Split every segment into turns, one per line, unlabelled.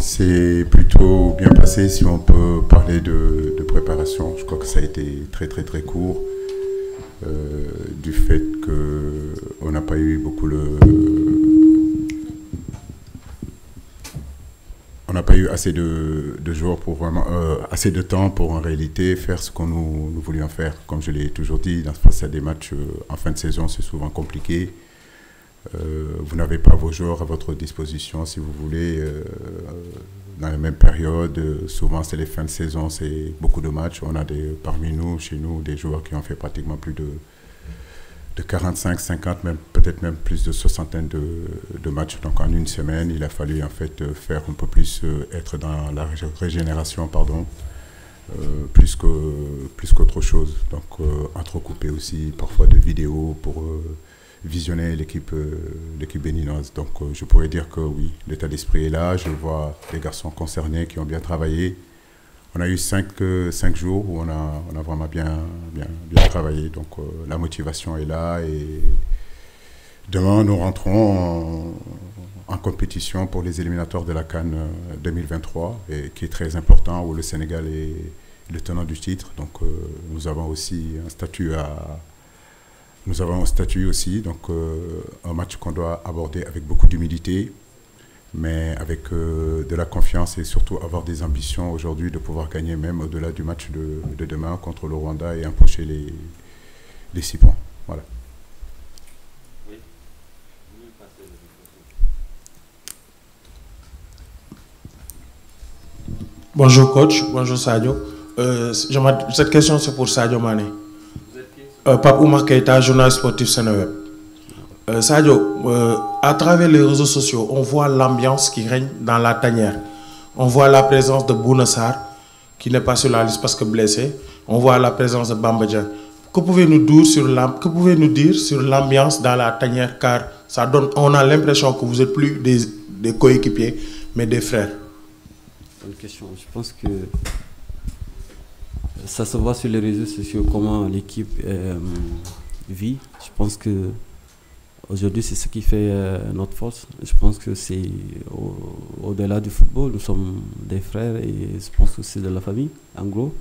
c'est plutôt bien passé si on peut parler de, préparation. Je crois que ça a été très très très court euh, du fait qu'on n'a pas eu beaucoup le on n'a pas eu assez de, jours pour vraiment euh, assez de temps pour en réalité faire ce qu'on nous, voulions faire. Comme je l'ai toujours dit, dans face à des matchs euh, en fin de saison, c'est souvent compliqué. Euh, vous n'avez pas vos joueurs à votre disposition si vous voulez euh, dans la même période, euh, souvent, c'est les fins de saison, c'est beaucoup de matchs. On a parmi nous, chez nous, des joueurs qui ont fait pratiquement plus de, 45, 50, même peut-être même plus de soixantaine de, matchs. Donc, en une semaine, il a fallu en fait faire un peu plus, être dans la régénération, pardon. plus plus qu'autre chose donc entrecouper aussi parfois de vidéos pour visionner l'équipe euh, l'équipe béninoise. Donc euh, je pourrais dire que oui, l'état d'esprit est là. Je vois les garçons concernés qui ont bien travaillé. On a eu cinq, euh, cinq jours où on a, on a vraiment bien, bien, bien travaillé. Donc la motivation est là et demain nous rentrons en, compétition pour les éliminatoires de la Cannes 2023 et qui est très important où le Sénégal est le tenant du titre. Donc nous avons aussi un statut à, nous avons statut aussi, donc euh, un match qu'on doit aborder avec beaucoup d'humilité, mais avec euh, de la confiance et surtout avoir des ambitions aujourd'hui de pouvoir gagner même au-delà du match de, demain contre le Rwanda et approcher les, six points. Voilà. Bonjour coach, bonjour Sadio. Euh, cette question c'est pour Sadio Mané. Euh, Pape Oumar Keïta, journal sportif Sénéweb. Euh, Sadio, euh, à travers les réseaux sociaux, on voit l'ambiance qui règne dans la tanière. On voit la présence de Bounassar, qui n'est pas sur la liste parce que blessé. On voit la présence de Bambadjan. Que pouvez-vous nous dire sur l'ambiance dans la tanière Car ça donne, on a l'impression que vous n'êtes plus des, des coéquipiers, mais des frères.
Bonne question. Je pense que ça se voit sur les réseaux sociaux comment l'équipe euh, vit. Je pense que aujourd'hui, c'est ce qui fait euh, notre force. Je pense que c'est au-delà du football. Nous sommes des frères et je pense que c'est de la famille, en gros.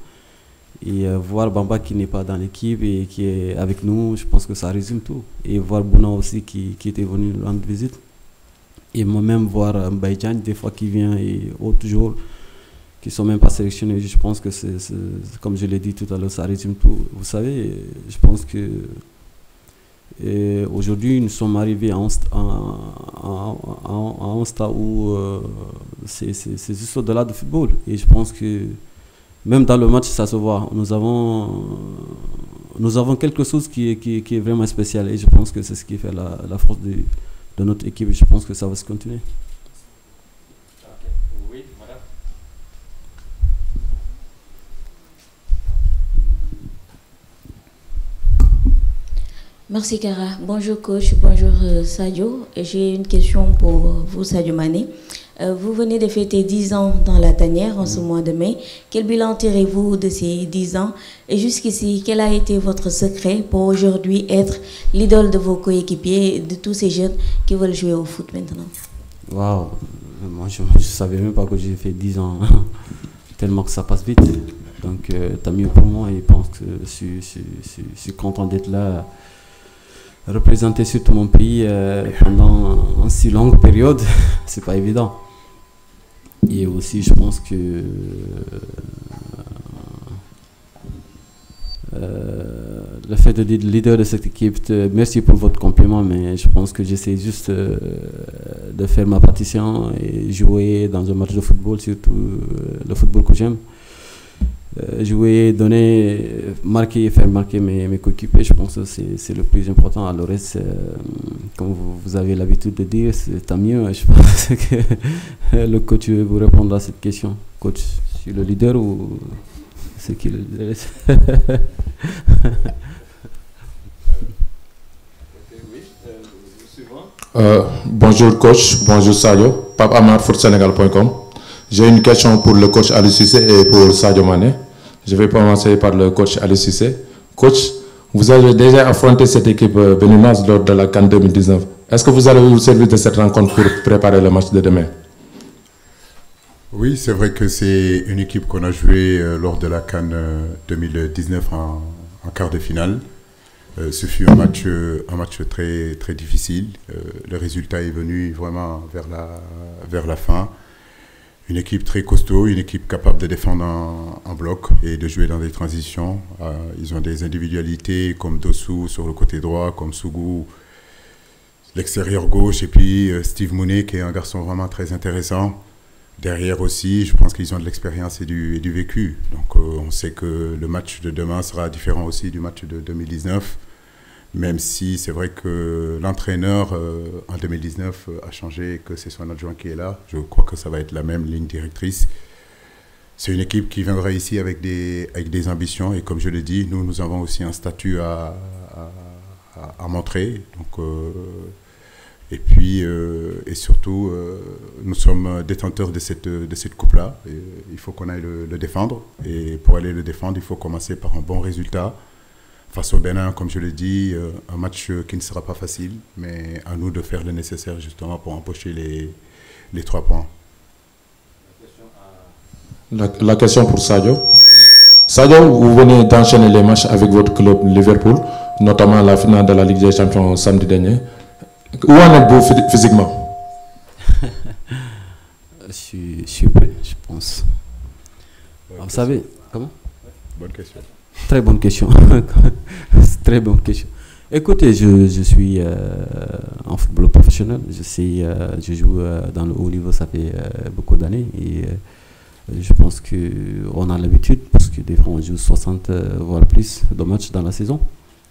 Et euh, voir Bamba qui n'est pas dans l'équipe et qui est avec nous, je pense que ça résume tout. Et voir Bouna aussi qui, était venu rendre visite. Et moi-même, voir Mbaïdjan, des fois qui vient et oh, toujours qui sont même pas sélectionnés. Je pense que c'est, comme je l'ai dit tout à l'heure, ça résume tout. Vous savez, je pense que aujourd'hui nous sommes arrivés à un, stade où euh, c'est, juste au-delà du football. Et je pense que même dans le match, ça se voit. Nous avons, nous avons quelque chose qui est, vraiment spécial et je pense que c'est ce qui fait la, force de notre équipe. Je pense que ça va se continuer. Merci Cara. Bonjour coach, bonjour euh, Sadio. J'ai une question pour vous Sadio Mané. Euh, vous venez de fêter 10 ans dans la tanière en ce mois de mai. Quel bilan tirez-vous de ces 10 ans Et jusqu'ici, quel a été votre secret pour aujourd'hui être l'idole de vos coéquipiers, de tous ces jeunes qui veulent jouer au foot maintenant Waouh Moi, je ne savais même pas que j'ai fait 10 ans. Tellement que ça passe vite. Donc, euh, tant mieux pour moi. Et je pense que je suis content d'être là représenter surtout mon pays euh, pendant une si longue période, c'est pas évident. Et aussi, je pense que euh, le fait de dire leader de cette équipe, euh, merci pour votre compliment, mais je pense que j'essaie juste de faire ma partition et jouer dans un match de football, surtout le football que j'aime. Euh, je jouer, donner, euh, marquer, faire marquer mes, mes coéquipiers, je pense que c'est le plus important. Alors, reste, euh, comme vous, avez l'habitude de dire, c'est tant mieux. Je pense que le coach vous répondre à cette question. Coach, je suis le leader ou c'est qui le leader
bonjour coach, bonjour Sadio, Senegal.com. J'ai une question pour le coach Alicissé et pour Sadio Mané. Je vais commencer par le coach Ali Coach, vous avez déjà affronté cette équipe euh, béninoise lors de la CAN 2019. Est-ce que vous allez vous servir de cette rencontre pour préparer le match de demain Oui, c'est vrai que c'est une équipe qu'on a jouée euh, lors de la Cannes 2019 euh, en, quart de finale. ce fut un match, un match très, très difficile. le résultat est venu vraiment vers la, vers la fin une équipe très costaud, une équipe capable de défendre en, bloc et de jouer dans des transitions. Euh, ils ont des individualités comme Dossou sur le côté droit, comme Sougou, l'extérieur gauche, et puis euh, Steve Mounet qui est un garçon vraiment très intéressant. Derrière aussi, je pense qu'ils ont de l'expérience et du, vécu. Donc euh, on sait que le match de demain sera différent aussi du match de 2019 même si c'est vrai que l'entraîneur euh, en 2019 euh, a changé et que c'est son adjoint qui est là. Je crois que ça va être la même ligne directrice. C'est une équipe qui viendra ici avec des, avec des ambitions et comme je l'ai dit, nous, nous avons aussi un statut à, à, montrer. Euh, et puis, et surtout, nous sommes détenteurs de cette, coupe-là. Il faut qu'on aille le défendre. Et pour aller le défendre, il faut commencer par un bon résultat face au Bénin, comme je l'ai dit, euh, un match euh, qui ne sera pas facile, mais à nous de faire le nécessaire justement pour empocher les, les trois points. La, question pour Sadio. Sadio, vous venez d'enchaîner les matchs avec votre club Liverpool, notamment la finale de la Ligue des Champions samedi dernier. Où en êtes-vous physiquement
je, suis, prêt, je pense. Vous savez, comment Bonne question. Très bonne question. très bonne question. Écoutez, je, je suis euh, en football professionnel. Je, sais, euh, je joue euh, dans le haut niveau, ça fait euh, beaucoup d'années. Et je pense qu'on a l'habitude, parce que des fois on joue 60, voire plus de matchs dans la saison.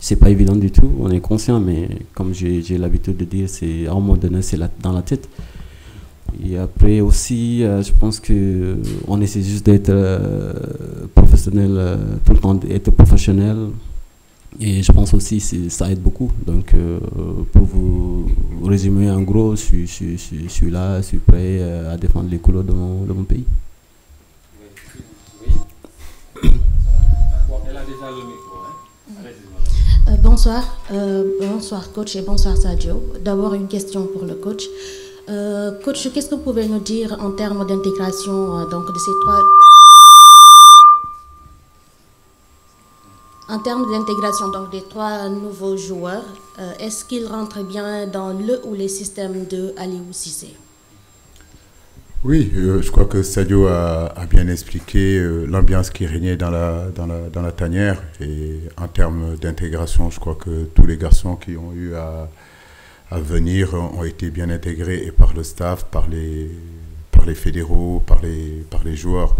C'est pas évident du tout, on est conscient, mais comme j'ai l'habitude de dire, c'est à un moment donné, c'est dans la tête. Et après aussi, euh, je pense qu'on euh, essaie juste d'être euh, professionnel, tout le temps d'être professionnel. Et je pense aussi que ça aide beaucoup. Donc, pour vous résumer en gros, je, suis là, je suis prêt à défendre les couleurs de mon, pays. bonsoir, bonsoir coach et bonsoir Sadio. D'abord une question pour le coach. Euh, coach, qu'est-ce que vous pouvez nous dire en termes d'intégration euh, donc de ces trois En termes d'intégration donc des trois nouveaux joueurs, euh, est-ce qu'ils rentrent bien dans le ou les systèmes de Aliou Cissé
Oui, je crois que Sadio a, bien expliqué l'ambiance qui régnait dans la, dans la, dans la tanière et en termes d'intégration, je crois que tous les garçons qui ont eu à à venir ont été bien intégrés et par le staff, par les, par les fédéraux, par les, par les joueurs.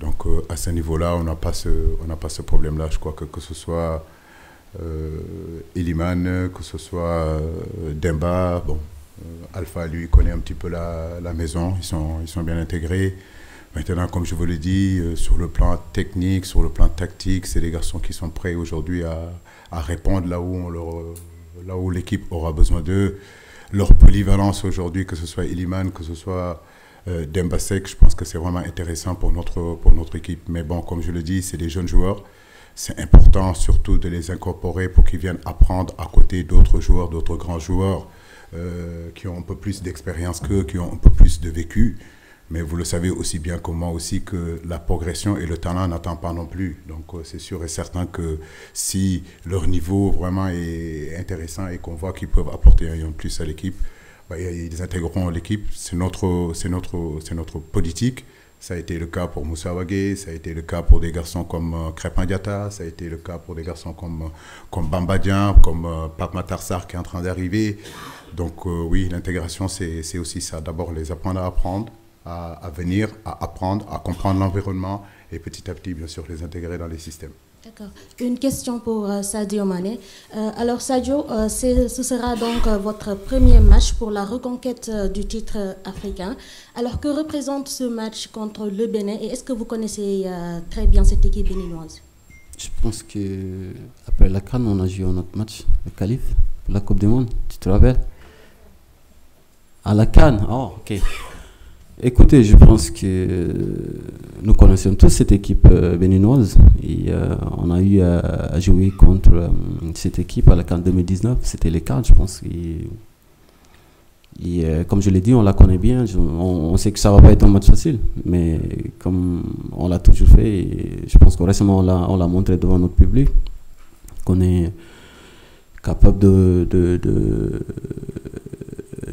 Donc euh, à ce niveau-là, on n'a pas ce, pas ce problème-là. Je crois que que ce soit euh, Eliman, que ce soit euh, Demba, bon, euh, Alpha lui connaît un petit peu la, la, maison, ils sont, ils sont bien intégrés. Maintenant, comme je vous le dis, sur le plan technique, sur le plan tactique, c'est les garçons qui sont prêts aujourd'hui à, à répondre là où on leur euh, là où l'équipe aura besoin d'eux. Leur polyvalence aujourd'hui, que ce soit Illiman, que ce soit euh, Dembasek, je pense que c'est vraiment intéressant pour notre, équipe. Mais bon, comme je le dis, c'est des jeunes joueurs. C'est important surtout de les incorporer pour qu'ils viennent apprendre à côté d'autres joueurs, d'autres grands joueurs euh, qui ont un peu plus d'expérience qu'eux, qui ont un peu plus de vécu. Mais vous le savez aussi bien que moi aussi que la progression et le talent n'attendent pas non plus. Donc euh, c'est sûr et certain que si leur niveau vraiment est intéressant et qu'on voit qu'ils peuvent apporter un plus à l'équipe, bah, ils intégreront l'équipe. C'est notre, c'est notre, c'est notre politique. Ça a été le cas pour Moussa Wagé, ça a été le cas pour des garçons comme euh, Crépin Diata, ça a été le cas pour des garçons comme, euh, comme comme euh, Tarsar qui est en train d'arriver. Donc oui, l'intégration, c'est aussi ça. D'abord, les apprendre à apprendre, à, venir, à apprendre, à comprendre l'environnement et petit à petit, bien sûr, les intégrer dans les systèmes.
D'accord. Une question pour euh, Sadio Mané. Euh, alors Sadio, euh, ce sera donc votre premier match pour la reconquête du titre africain. Alors que représente ce match contre le Bénin et est-ce que vous connaissez très bien cette équipe béninoise Je pense que après la Cannes, on a joué notre match, le Calife, pour la Coupe du Monde, tu te rappelles À la Cannes, oh ok. Écoutez, je pense que euh, nous connaissons tous cette équipe euh, béninoise et euh, on a eu à, jouer contre cette équipe à la CAN 2019. C'était les cartes, je pense. Et, comme je l'ai dit, on la connaît bien. on, sait que ça ne va pas être un match facile, mais comme on l'a toujours fait, je pense que récemment on l'a montré devant notre public qu'on est capable de,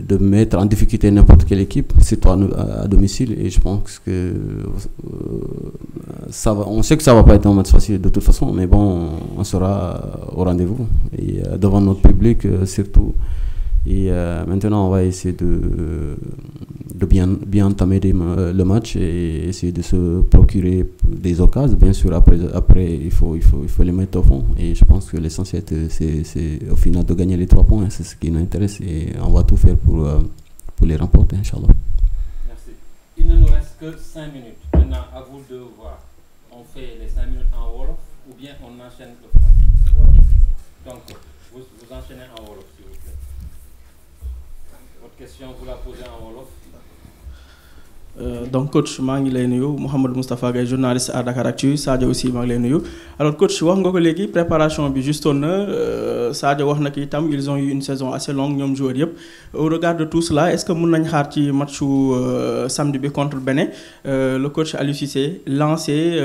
de mettre en difficulté n'importe quelle équipe, surtout à, à, domicile. Et je pense que euh, ça va, on sait que ça va pas être un match facile de toute façon, mais bon, on, sera au rendez-vous et euh, devant notre public euh, surtout. Et maintenant, on va essayer de de bien, bien entamer euh, le match et essayer de se procurer des occasions. Bien sûr, après, après il, faut, il, faut, il faut les mettre au fond. Et je pense que l'essentiel, c'est au final de gagner les trois points. Hein. c'est ce qui nous intéresse et on va tout faire pour, euh, pour les remporter, Inch'Allah. Merci. Il ne nous reste que cinq minutes. Maintenant, à vous de voir. On fait les cinq minutes en Wolof ou bien on enchaîne le français. Donc, vous, vous enchaînez en Wolof, s'il vous plaît. Votre question, vous la posez en Wolof. Euh, donc coach maa ngi lay nuyu Mouhamadou Moustapha Gaye journaliste à Dakaractu Sadio aussi maa ngi lay nuyu alors coach wax nga ko léegi préparation bi juste na euh, Sadio wax na ki tam ils ont eu une saison assez longue ñoom joueurs yëpp au regard de tout cela est-ce que mun nañ xaar ci matchu euh, samedi bi contre Bénin le coach Aliou Cissé lancé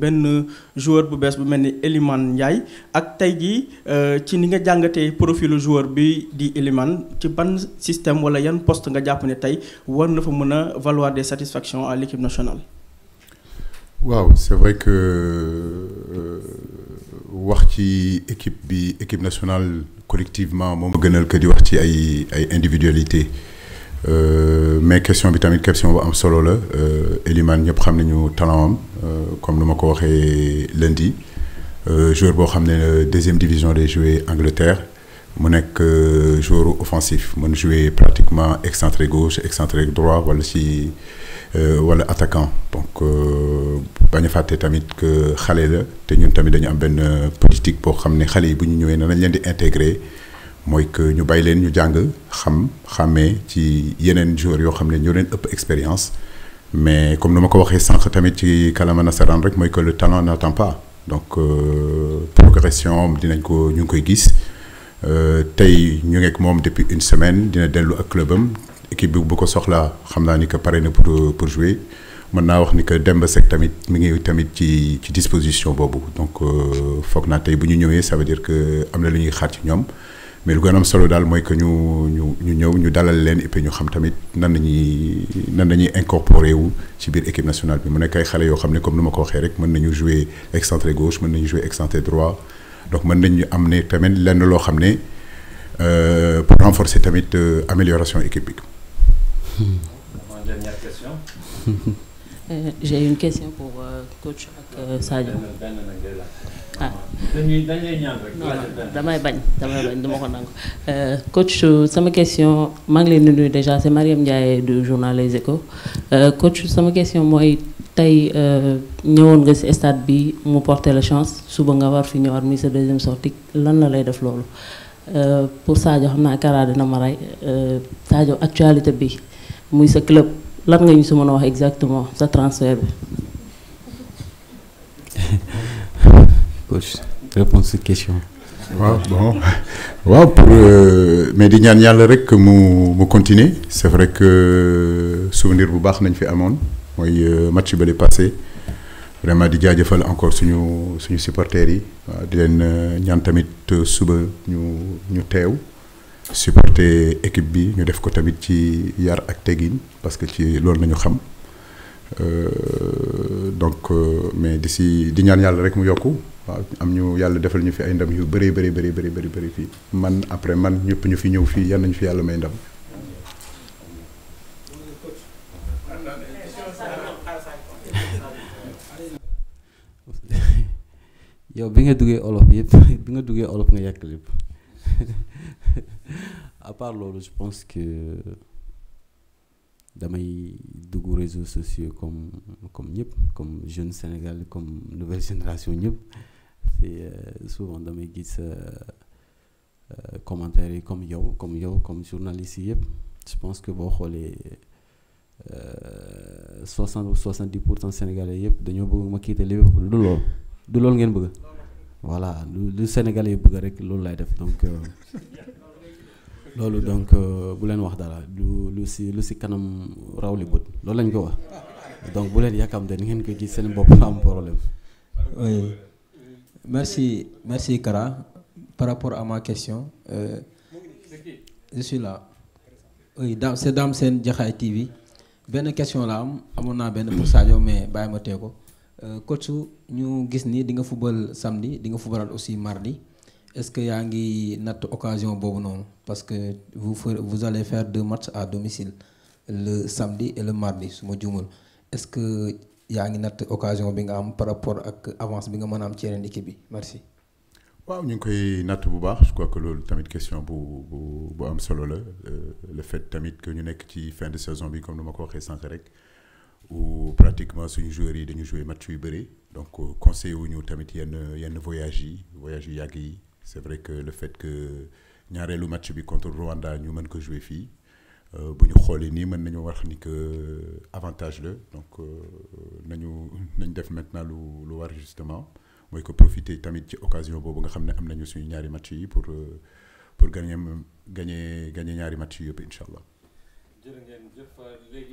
benn joueur bu bees bu mel ni Elimane Ndiaye ak tey jii ci ni nga jàngatee profil joueur bi di Elimane ci ban système wala yan poste nga jàpp ne tey war na fa mën a valoir des satisfaction à l'équipe nationale
waouh c'est vrai que euh, wax équipe bi équipe nationale collectivement mon gënal que di wax individualité euh, mais question bi question en solo la euh, Elimane a xam nañu talent comme nous ko lundi joueur vais ramener la deuxième division des jouer Angleterre mu que joueur offensif mon jouer pratiquement excentré gauche excentré droit wala ci euh, wala attaquant donc euh, bañ a tamit que xale la te ñun tamit dañu am ben politique pour xamné ne yi bu ñu ñëwee na lañ leen di intégrer moy que ñu bàyyi leen ñu jang xam xamé ci yeneen joueurs yo xamné ñu ñoo leen ëpp expérience mais comme nu ko waxé sank tamit ci kàllaama nasaraan rek moy que le talent n'attend pas donc progression dinañ ko ñu koy gis tay ñu ak mom depuis une semaine dina dellu ak clubam équipe bu ko soxla xam naa ni que pare na pour pour jouer mën naa wax ni que Demba Seck tamit mi ngi tamit ci ci disposition boobu donc euh, foog naa tey bu ñu ñëwee ça veut dire que am na lu ñuy xaar ci ñoom mais lu gën am solo daal mooy que ñu ñu ñu ñëw ñu dalal leen et puis ñu xam tamit nan nañuy nan nañuy incorporé wu ci biir équipe nationale bi mu nekk ay xale yoo xam ne comme ni ma ko waxee rek mën nañu jouer excentré gauche mën nañu jouer excentré droit donc mën nañu am ne tamit lenn loo xam ne euh, pour renforcer tamit euh, amélioration équipe bi
dernière question. Euh, J'ai une question pour euh, coach ak euh, Sadio. Ben, ben, ben, ah dañuy dañuy euh, coach sama question maa ngi déjà c'est Mariam Ndiaye du journal Les Échos euh, coach sama question Moi, tey euh, ñëwoon nga ci stade bi mu porter la chance suba nga war fi ñëwaat muy sa deuxième sortie lan la lay def loolu pour Sadio xam naa Kara dina ma rey Sadio actualité bi moy sa club lan nga ñu si wax exactement sa transfert bi. coach réponse cette question. waaw bon
waaw pour euh, mais di ñaan yàlla rek mu mu continuer c'est vrai que euh, souvenir bu baax nañ fi amoon mooy euh, match ba les passé vraiment di jaajëfal encore suñu suñu supporters yi waaw di leen ñaan tamit suba ñu ñu teew. supporter équipe bi ñu def ko tamit ci yar ak teggin parce que ci loolu nañu xam euh, donc euh, mais di si di ñaan yàlla rek mu yokku waaw am ñu yàlla defal ñu fi ay ndam yu bëree bëri bëri bëri bëri bëri fii man après man ñëpp ñu fi ñëw fii yan nañu fi yàlla may ndam.
yow bi nga duggee olof yëpp bi nga duggee olof nga yàq lépp. à part l'eau je pense que dans mes réseaux sociaux comme comme comme jeune Sénégal comme nouvelle génération Nip, c'est euh, souvent damay mes euh, euh, commentaires comme yo comme yo comme journaliste je pense que boo xoolee soixante ou 70% pour cent sénégalais yëpp de bëgg ma quitter Liverpool du de du lool voilà le sénégalais yi bëgg rek loolu laay def donc. loolu donc euh, bu len wax dara lu lu si lu si kanam rawli li bët lañ ko wax donc bu len yakam de ngeen ko gis seen bopp am problème. oui merci merci Kara par rapport à ma question euh, je suis là. oui Dame c'est Dame sen Jaxaay TV ben question la am amoon ben pour Sadio mais baye ma tee ko euh, coach ñu gis ni di nga football samedi di nga football aussi mardi est-ce que y ngi natt occasion boobu non parce que vous vous allez faire deux matchs à domicile le samedi et le mardi ce est-ce que yaa ngi natt occasion bi nga am par rapport à avance bi nga mën am merci.
waaw ñu ngi koy natt bu baax je crois que loolu tamit question bu bu am euh, le fait tamit que ñu nekk ci fin de saison comme nous ma dit waxee rek où pratiquement suñu joueurs yi dañu jouer match yu donc euh, conseil il ñu tamit yenn yenn voyages yi voyages yu yàgg c'est vrai que le fait que ñaareelu match bi contre Rwanda ñu mën ko jouer fii euh, bu ñu xoolee nii mën nañu wax ni que avantage la donc euh, nañu nañ def maintenant lu lu war justement mooy que profiter tamit ci occasion boobu nga xam am nañu suñu ñaari match yi pour euh, pour gagner gagner gagner ñaari match yi yëpp incha allah.
jërë léegi.